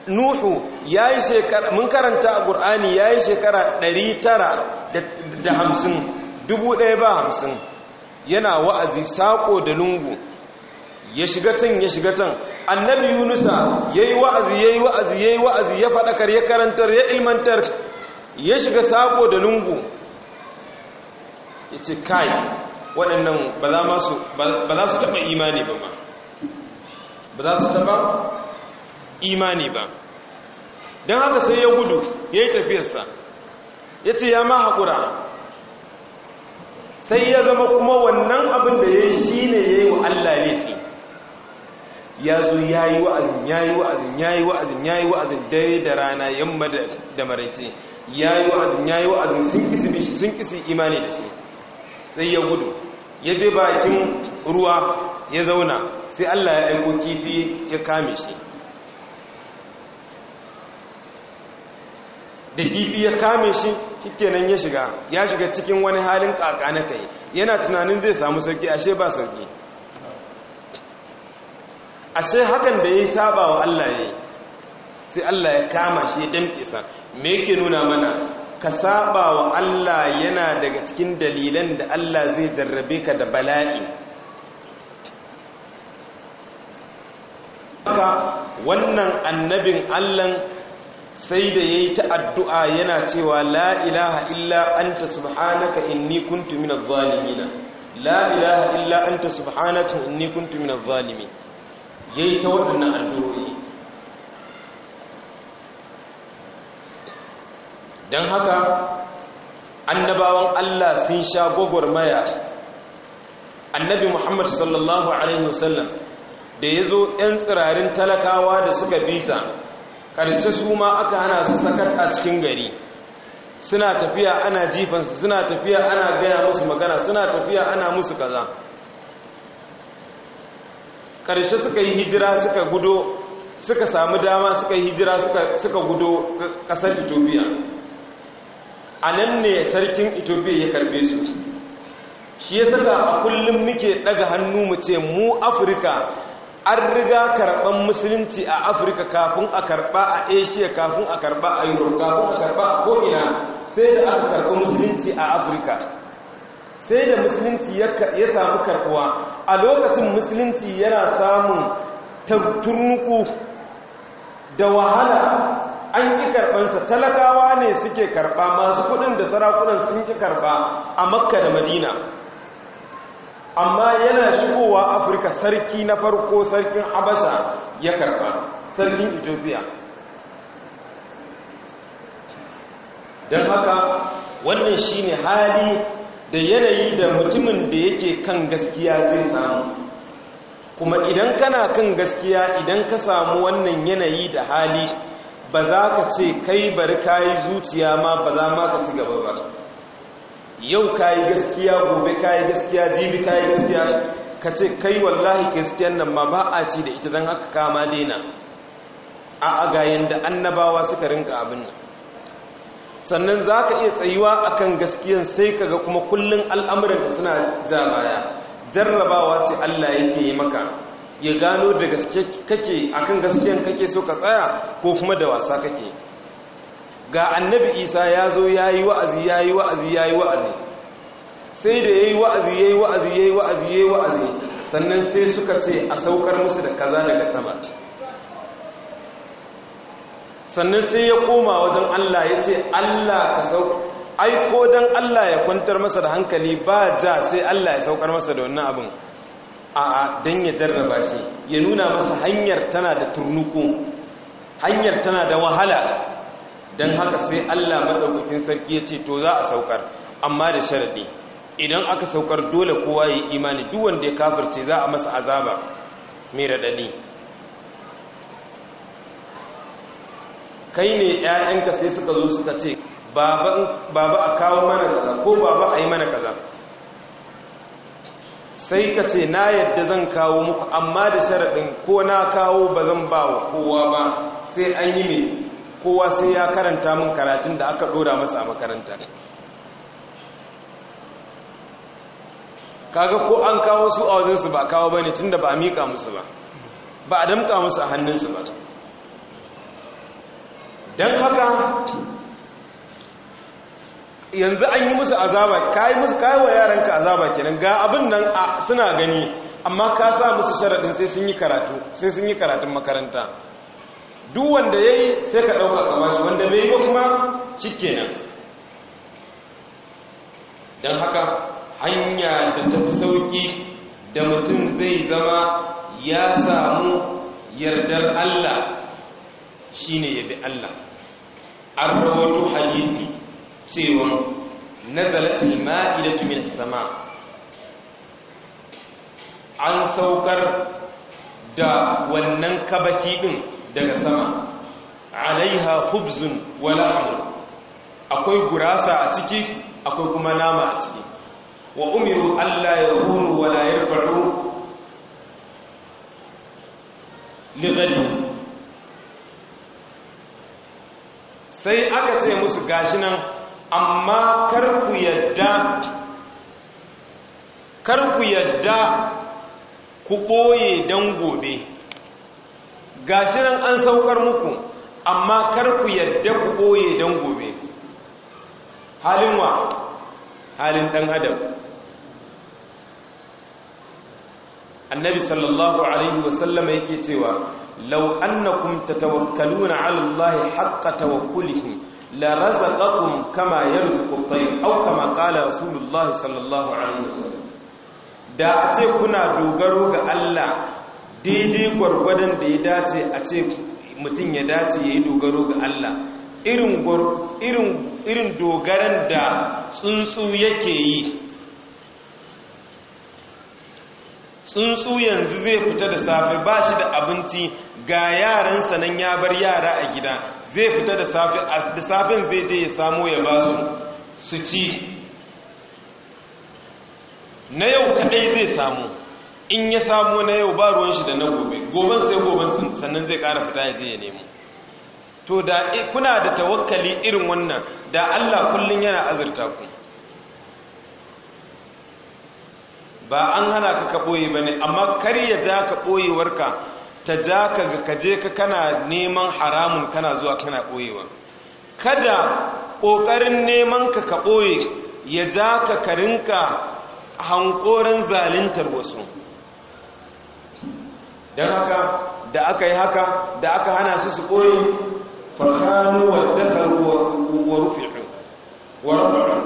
S1: nuhu ya yi shekara mun karanta a ƙur'ani ya yi shekara 950 hamsin yana wa'azi saƙo da lungu ya shiga can ya shiga can annabi yunusa ya yi wa'azi ya yi wa'azi ya yi wa'azi ya faɗakar ya karantar ya ilmantar ya shiga saƙo da lungu ya ce kai waɗannan ba za su taɓa imani ba ba ba za su taɓa imani ba don haka sai ya gudu ya yi tafiyarsa ya ce ya ma haƙura sai ya zama kuma wannan abin da ya yi shi ne ya yi wa Allah fi ya zo ya yi wa'azin ya yi wa'azin ya yi wa'azin ya yi wa'azin dare da rana yamma da maraice ya yi wa'azin ya yi wa'azin sun kisi imani da shi sai ya gudu ya je bakin ruwa ya zauna sai Allah ya aiko kifi ya kame shi da kifi ya kame shi kenan ya shiga ya shiga cikin wani halin kaka na kai yana tunanin zai samu sauki ashe ba sauki ashe hakan da ya yi saba Allah ya yi sai Allah ya kama shi ya damke me yake nuna mana ka saba wa Allah yana daga cikin dalilan da Allah zai jarrabe ka da bala'i haka wannan annabin Allah sai da yayi ta addu'a yana cewa la ilaha illa anta subhanaka inni kuntu minadh zalimin
S2: la ilaha
S1: illa anta subhanaka inni kuntu minadh zalimin
S2: yayi ta waɗannan
S1: addu'o'i don haka annabawan Allah sun sha maya annabi Muhammad sallallahu alaihi wasallam da ya zo 'yan tsirarin talakawa da suka bisa ƙarshe su ma aka hana su sakat a cikin gari suna tafiya ana jifansu suna tafiya ana gaya musu magana suna tafiya ana musu kaza ƙarshe suka yi hijira suka gudo suka samu dama suka yi hijira suka gudo ƙasar ethiopia a nan ne sarkin ethiopia ya karbe su shi ya saka a kullum muke daga hannu mu ce mu afirka an riga karban musulunci a afirka kafin a karba a asia kafin a karba a europe kafin a karba a ko'ina sai da aka karba musulunci a afirka sai da musulunci ya samu karbuwa a lokacin musulunci yana samun turnuku da wahala an ƙi karɓansa talakawa ne suke karɓa masu kuɗin da sarakunan sun ƙi karɓa a makka da madina amma yana shigowa afirka sarki na farko sarkin abasha ya karɓa sarkin ethiopia don haka wannan shine hali da yanayi da mutumin da yake kan gaskiya zai samu kuma idan kana kan gaskiya idan ka samu wannan yanayi da hali ba za ka ce kai bari kayi zuciya ma ba za ma ka ci gaba ba yau kayi gaskiya gobe kayi gaskiya jibi kayi gaskiya ka ce kai wallahi gaskiyan nan ma ba a ci da ita don haka kama daina a agayen da annabawa suka rinka abin nan sannan za ka iya tsayuwa akan gaskiyan sai ka ga kuma kullum al'amuran da suna jamaya jarrabawa ce Allah yake yi maka ya gano da gaske kake akan gaskiyan kake so ka tsaya ko kuma da wasa kake ga annabi isa ya zo ya yi wa'azi ya yi wa'azi ya yi wa'azi sai da ya yi wa'azi ya yi wa'azi ya yi wa'azi ya yi wa'azi sannan sai suka ce a saukar musu da kaza daga sama sannan sai ya koma wajen allah ya ce allah ka saukar aiko don Allah ya kwantar masa da hankali ba ja sai Allah ya saukar masa da wannan abin a'a don ya jarraba shi ya nuna masa hanyar tana da turnuku hanyar tana da wahala don haka sai allah maɗaukakin sarki ya ce to za a saukar amma da sharaɗi idan aka saukar dole kowa ya yi imani duk wanda ya kafirce za a masa azaba mai raɗaɗi kai ne 'ya'yanka sai suka zo suka ce baba a kawo mana kaza ko baba a yi mana kaza sai ka ce na yadda zan kawo muku amma da sharaɗin ko na kawo ba zan ba wa kowa ba sai an yi ne kowa sai ya karanta min karatun da aka ɗora masa a makaranta kaga ko an kawo su a wajensu ba kawo ba ne tun da ba a miƙa musu ba ba a damƙa musu a hannunsu ba don haka yanzu an yi musu azaba kayi musu kayi wa yaranka azaba kenan ga abin nan suna gani amma ka sa musu sharaɗin sai sun yi karatu sai sun yi karatun makaranta duk wanda ya yi sai ka ɗauka kamar shi wanda bai yi ba kuma shi kenan don haka hanya da fi sauki da mutum zai zama ya samu yardar Allah shine ya bi Allah an rawaito hadithi cewa na nazalatul ma'idatu minas sama an saukar da wannan kabaki din daga sama alaiha hubzun wala amur akwai gurasa a ciki akwai kuma nama a ciki wa umiru ya yahunu wala faru ligali sai aka ce musu gashi nan amma kar ku yadda karku ku yadda ku ɓoye don gobe shi nan an saukar muku amma kar ku yadda ku ɓoye don gobe halin wa halin ɗan adam annabi sallallahu alaihi wasallama yake cewa lau annakum tatawakkaluna ala allahi haqqa tawakkulihi la razaqakum kama yarzuqu at-tayr aw kama qala rasulullahi sallallahu alaihi wasallam da a ce kuna dogaro ga Allah daidai gwargwadon da ya dace a ce mutum ya dace yayi yi dogaro ga Allah irin dogaran da tsuntsu yake yi tsuntsu yanzu zai fita da safe ba shi da abinci ga yaransa nan ya bar yara a gida zai fita da safe da safen zai je ya samo ya ba su su ci na yau kadai zai samu in ya samu na yau ba ruwan shi da na gobe goben sai goben sannan zai kara fita ya je ya nemo to da eh, kuna da tawakkali irin wannan da Allah kullum yana azurta ku ba an hana ka ka ɓoye ba ne amma kar ya ja ka ɓoyewarka ta ja ka ga kaje ka kana neman haramun kana zuwa kana ɓoyewa kada ƙoƙarin neman ka ka ɓoye ya ja ka karinka hankoran zalintar wasu don haka da aka yi haka da aka hana su su ɓoye fahanu wadda wa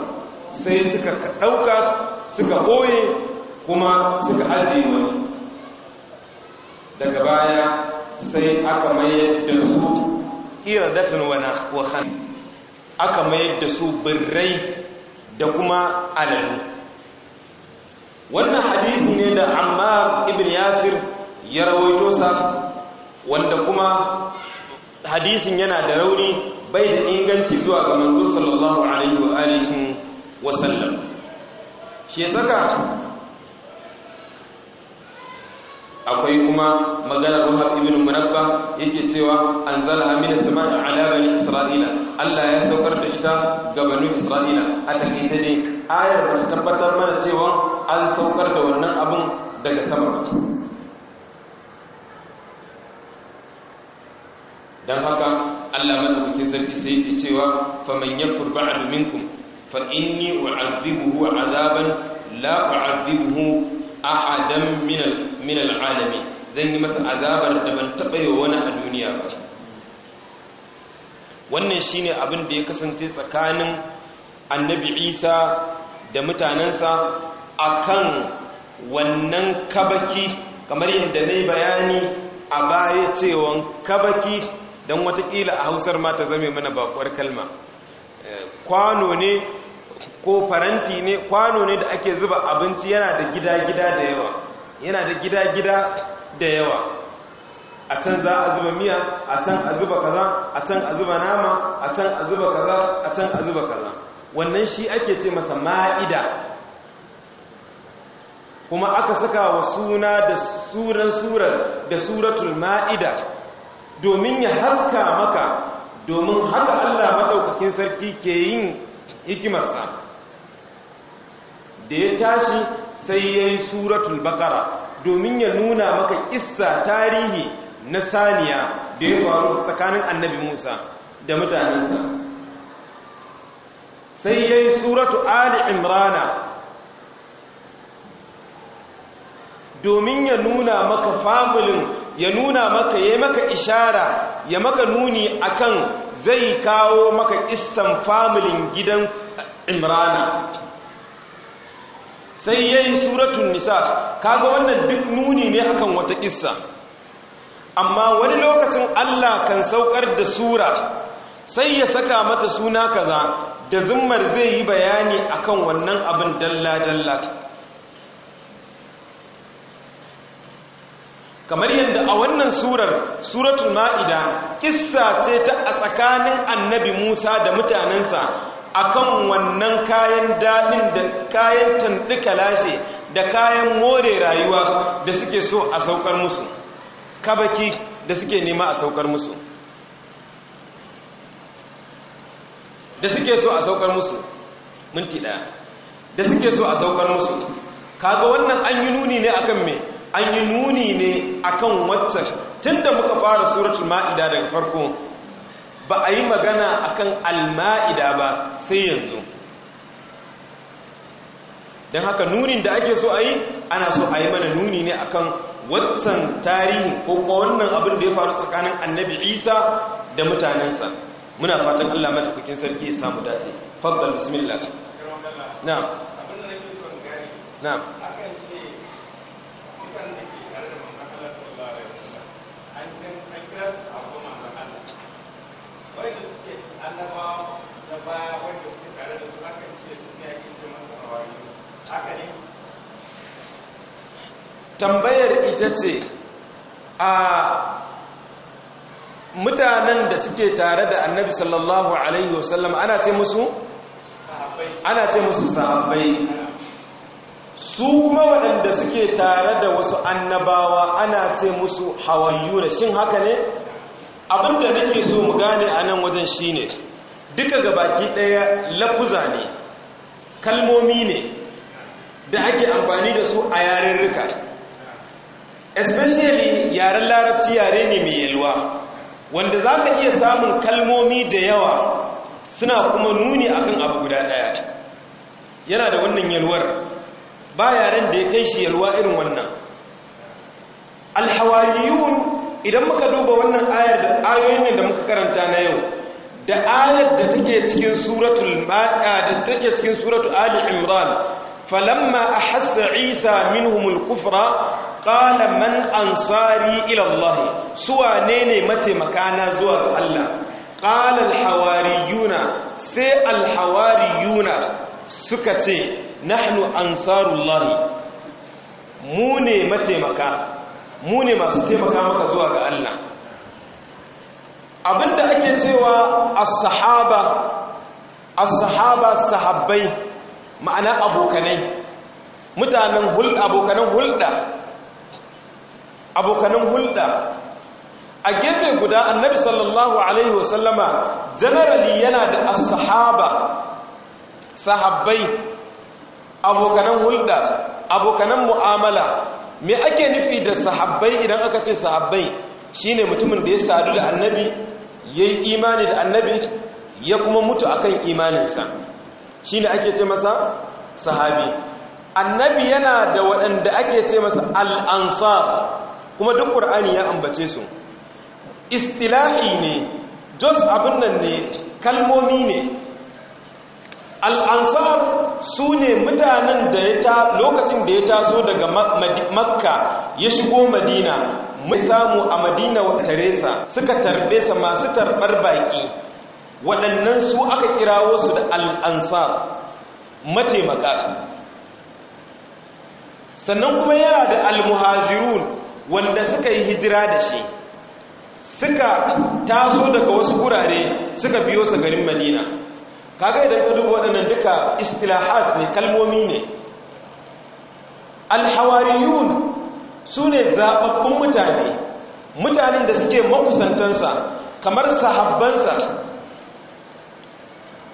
S1: sai suka ɗauka suka ɓoye kuma suka ajiye wani daga baya sai aka mayar da su wa wahan aka mayar da su birrai da kuma alalu wannan hadisi ne da ammar ibn yasir ya rawaito sa wanda kuma hadisin yana da rauni bai da inganci zuwa ga manzo sallallahu alaihi wa alihi wa sallam shi saka akwai kuma maganar Wahab ibn Munabba yake cewa anzalaha min as-sama'i ala bani Isra'ila Allah ya saukar da ita ga bani Isra'ila a take ne ayar da tabbatar mana cewa an saukar da wannan abun daga sama dan haka Allah kuke sarki sai yake cewa man yakfur ba'd minkum fa inni u'adhibuhu 'adaban la u'adhibuhu ahadan min al'alami zan yi masa azabar da ban taɓa yi wani a duniya ba wannan shine abin da ya kasance tsakanin annabi isa da mutanensa a kan wannan kabaki kamar yadda na bayani a baya cewa kabaki don watakila a hausar ma ta zame mana bakuwar kalma eh, kwano ne ko faranti ne kwano ne da ake zuba abinci yana da gida-gida da yawa yana da gida-gida da yawa a can za a zuba miya a can a zuba kaza a can a zuba nama a can a zuba kaza a can a zuba kaza wannan shi ake ce masa ma'ida kuma aka saka wa suna da suran surar da suratul ma'ida domin ya haska maka domin haka Allah maɗaukakin sarki ke yin hikimarsa da ya tashi sai ya yi suratul bakara domin ya nuna maka isa tarihi na saniya da ya faru tsakanin annabi musa da mutanensa sai ya yi suratu ali imrana domin ya nuna maka famulin ya nuna maka ya maka ishara ya maka nuni akan zai kawo maka isan famulin gidan imrana sai ya yi suratun nisa kaga wannan duk nuni ne akan wata kissa amma wani lokacin Allah kan saukar da sura sai ya saka mata suna kaza da zumar zai yi bayani akan wannan abin dalla dalla kamar yadda a wannan surar suratun ma'ida kissa ce ta a tsakanin annabi Musa da mutanensa akan wannan kayan daɗin da kayan tanduka lashe da kayan more rayuwa da suke so a saukar musu kabaki da suke nema a saukar musu da suke so a saukar musu minti ɗaya da suke so a saukar musu kaga wannan an yi nuni ne akan me an yi nuni ne akan wacce tunda muka fara suratul ma'ida daga farko ba a yi magana akan alma'ida ba sai yanzu don haka nunin da ake so a yi ana so a yi mana nuni ne akan watsan tarihin ko wannan abin da ya faru tsakanin annabi isa da mutanensa muna fatan allah kukin sarki ya samu dace fadda bismillah na na tambayar ita ce a mutanen da suke tare da annabi sallallahu alaihi wasallam ana ce musu ana ce musu sahabbai su kuma waɗanda suke tare da wasu annabawa ana ce musu hawayyu da shin haka ne abinda nake so mu gane a nan wajen shine duka gabaki daya lafuza ne kalmomi ne da ake amfani da su a yaren rika especially yaren larabci yare ne mai yalwa wanda za ka iya samun kalmomi da yawa suna kuma nuni akan abu guda ɗaya, yana da wannan yalwar ba yaren da ya kai shi yalwa irin wannan alhawariyun idan muka duba wannan ayar da ayoyin da muka karanta na yau da ayar da take cikin suratul ma'a da take cikin suratul ali imran falamma ahassa isa minhumul kufra qala man ansari ila allah suwa ne ne mate makana zuwa ga allah qala al hawariyuna sai al hawariyuna suka ce nahnu ansarullahi mu ne makana. mu ne masu taimaka maka zuwa ga Allah abinda ake cewa as-sahaba as-sahaba sahabbai ma'ana abokanai mutanen hulɗa abokanan hulɗa abokanan hulɗa a gefe guda annabi sallallahu alaihi wasallama generally yana da as-sahaba sahabbai abokanan hulɗa abokanan mu'amala me ake nufi da sahabbai idan aka ce sahabbai shine mutumin da ya sadu da annabi yayi imani da annabi ya kuma mutu akan imaninsa shine ake ce masa sahabi annabi yana da waɗanda ake ce masa al-ansar kuma duk ƙur'ani ya ambace su istilahi ne jos abin nan ne kalmomi ne al'ansar su ne mutanen da ya ta lokacin da ya taso daga makka ya shigo madina mai samu a madina wa taresa suka tarbe sa masu tarbar baƙi waɗannan su aka kirawo su da al'ansar mataimaka sannan kuma yana da almuhajirun wanda suka yi hijira da shi suka taso daga wasu gurare suka biyo sa garin madina kaga idan ka duba waɗannan duka istilahat ne kalmomi ne alhawariyun su ne zaɓaɓɓun mutane mutanen da suke makusantansa kamar sahabbansa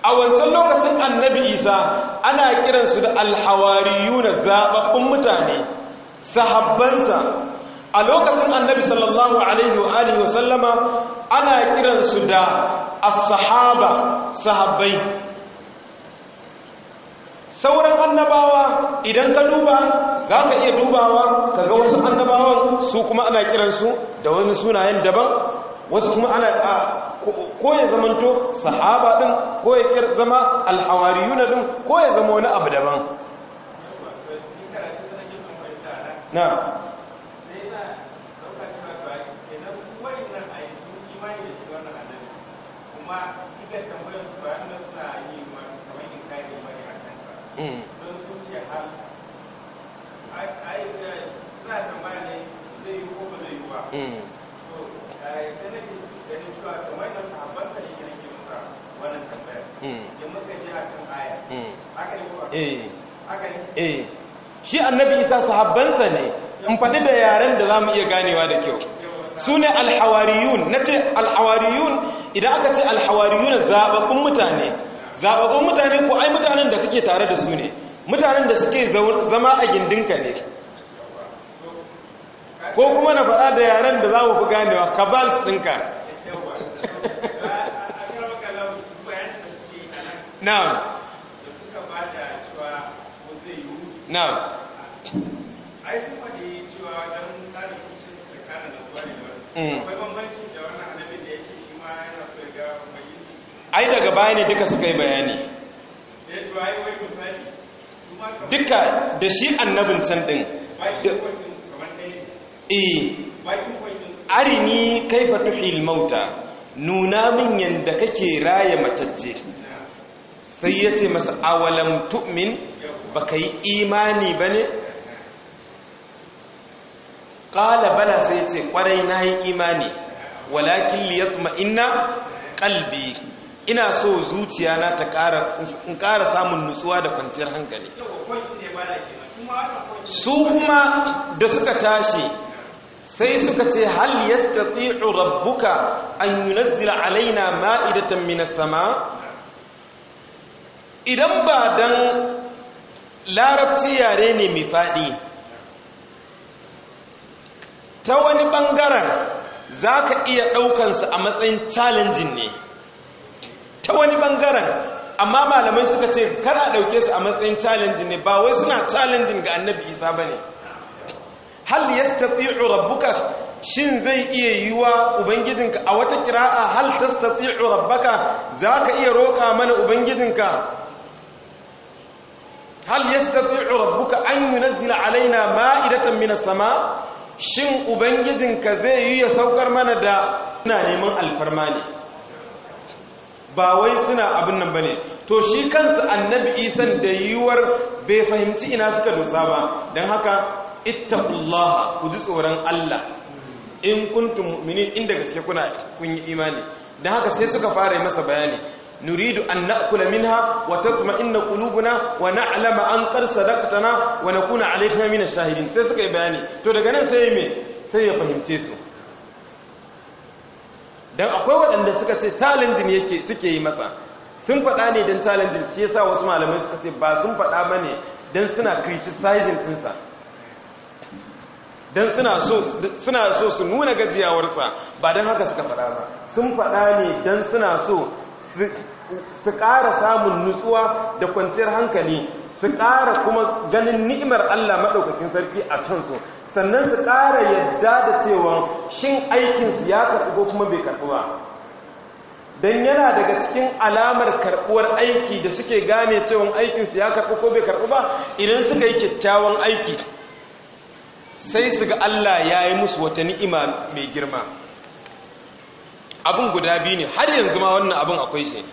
S1: a wancan lokacin annabi isa ana kiransu da alhawariyuna zaɓaɓɓun mutane sahabbansa a lokacin annabi sallallahu alaihi wa alihi ana kiransu da
S2: as-sahaba
S1: sahabbai sauran annabawa idan ka duba za ka iya dubawa ka ga wasu annabawan su kuma ana kiransu da wani sunayen daban wasu kuma ana a ko ya zamanto sahaba din ko ya zama yuna din ko ya zama wani abu daban na sai na a yi imani da kuma suka su ba suna yi kamar yin kayan a kansa mm. don sun ce eh, suna tambaya ne zai yi ko ba zai yi ba mm. eh, sai na cewa kamar masa wannan mm. muka aya haka ne eh. haka ne shi annabi isa sahabbansa ne in faɗi da yaren da za mu iya ganewa da kyau su ne alhawariyun na ce alhawariyun idan aka ce alhawariyuna zababbun mutane zababbun mutane ko ai mutanen da kake tare da su ne mutanen da suke zama a gindinka ne ko kuma na faɗa da yaren da za mu fi ganewa kabals ɗinka na'am na'am Mm. sun faɗi cewa don tsarin kusurci tsakanin da wani mm. akwai bambanci da wani hannun da ya ce shi ai daga baya ne duka suka yi bayani duka da shi annabin can din eh. arini kaifa tuhil mauta nuna min yadda kake raya matacce sai ya ce masa awalam tu'min baka yi imani ba ne ƙala bala sai ya ce ƙwarai na yi imani walakin inna qalbi ina so zuciya na ta kara in ƙara samun nutsuwa da kwanciyar hankali su kuma da suka tashi
S2: sai suka ce hal
S1: yastati'u rabbuka an yunazzila alaina ma'idatan minas sama idan ba dan larabci yare ne mai faɗi ta wani ɓangaren za ka iya ɗaukansa a matsayin challenging ne ta wani ɓangaren amma malamai suka ce kar ɗauke su a matsayin challenging ne ba wai suna challenging ga annabi isa ba ne hal ya stati'u rabbuka shin zai iya yiwa ubangijinka a wata kira'a hal ta stati'u rabbaka za ka iya roka mana ubangijinka hal yastati'u rabbuka an zina alaina ma'idatan mina sama shin ubangijinka zai yi ya saukar mana da suna neman alfarma ne ba wai suna abin nan ba ne to shi kansu annabi isan da yiwuwar bai fahimci ina suka dosa ba don haka ittaqullaha ku ji tsoron Allah in kuntum mu'minin inda gaske kuna kun yi imani don haka sai suka fara yi masa bayani نريد أن نأكل منها wa tatma'inna qulubuna wa na'lama an qad sadaqtana wa nakuna alayka min ash-shahidin sai suka yi bayani to daga nan sai me sai ya fahimce su dan akwai waɗanda suka ce challenging yake suke yi masa sun faɗa ne dan challenging shi yasa wasu malamai suka ce ba sun faɗa bane dan suna criticizing sa don suna so su nuna gajiyawarsa ba don haka suka fada ba sun fada ne don suna so su ƙara samun nutsuwa da kwanciyar hankali su ƙara kuma ganin ni'imar Allah maɗaukakin sarki a kansu sannan su ƙara yadda da cewa shin aikinsu ya karɓi ko kuma bai karɓi ba don yana daga cikin alamar karɓuwar aiki da suke gane cewa aikinsu ya karɓi ko bai karɓi ba idan suka yi kyakkyawan aiki sai su ga Allah ya yi musu wata ni'ima mai girma abin guda biyu ne har yanzu ma wannan abin akwai shi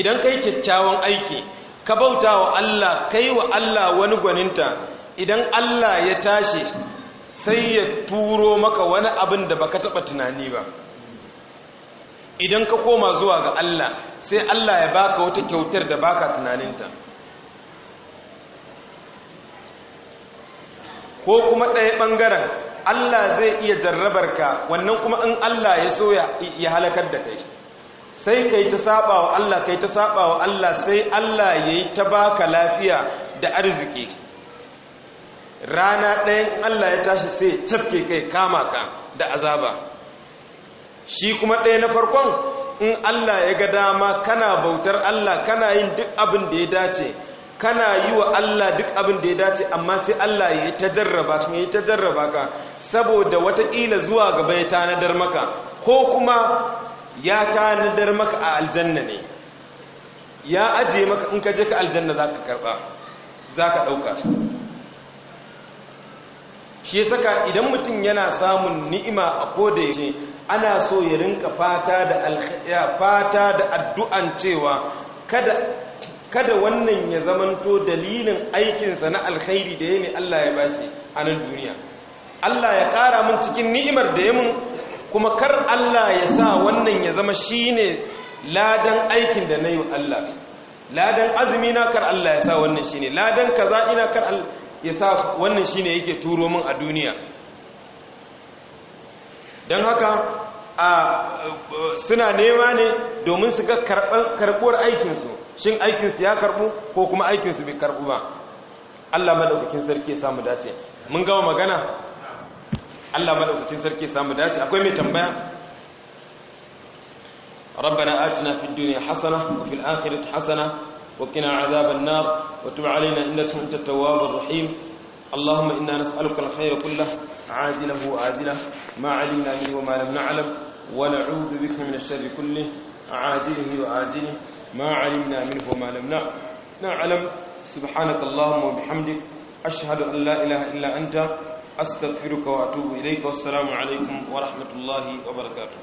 S1: idan kai kyakkyawan aiki ka bauta wa Allah kai wa Allah wani gwaninta idan Allah ya tashi sai ya turo maka wani abin da baka taba tunani ba idan ka koma zuwa ga Allah sai Allah ya baka wata kyautar da baka tunaninta ko kuma ɗaya ɓangaren Allah zai iya jarrabar ka wannan kuma in Allah ya soya ya halakar da kai sai kai ta saba wa Allah kai ta saba wa Allah sai Allah yayi ta baka lafiya da arziki rana ɗayan Allah ya tashi sai cafke kai kama ka da azaba shi kuma ɗaya na farkon in Allah ya ga dama kana bautar Allah kana yin duk abin da ya dace kana yi wa Allah duk abin da ya dace amma sai Allah ya ta jarraba ka ya ta jarraba ka saboda wataƙila zuwa gaba ya tanadar maka ko kuma ya tanadar maka a aljanna ne ya ajiye maka in ka je ka aljanna za ka karɓa za ka ɗauka shi ya saka idan mutum yana samun ni'ima a koda yake ana so ya rinka fata da addu'an cewa kada wannan ya zamanto dalilin aikinsa na alkhairi da ya ne Allah ya bashi a nan duniya Allah ya ƙara mun cikin ni'imar da ya mun kuma kar Allah ya sa wannan ya zama shi ne ladan aikin da na nayi Allah ladan azumi na kar Allah ya sa wannan shi ne. ladan kaza ina kar Allah ya sa wannan shi ne yake turo min a duniya don haka a suna nema ne domin su ga karbuwar aikinsu shin aikinsu ya karbu ko kuma aikinsu bai karbu ba Allah madaukakin sarki ya samu dace mun gama magana Allah malaukacin sarki samu dace akwai mai tambaya rabbana atina fid dunya hasana wa fil akhirati hasana wa qina azaban nar wa tub alaina innaka antat tawwabur rahim allahumma inna nas'aluka alkhayra kullahu aajilahu wa aajilahu ma 'alimna minhu wa ma lam na'lam wa na'udhu bika min ash-sharri kullihi aajilihi wa aajilihi ma 'alimna minhu wa ma lam na'lam subhanaka allahumma wa bihamdika ashhadu an la ilaha illa anta astaghfiruka wa atubu ilayka wassalamu alaikum wa rahmatullahi wa barakatuh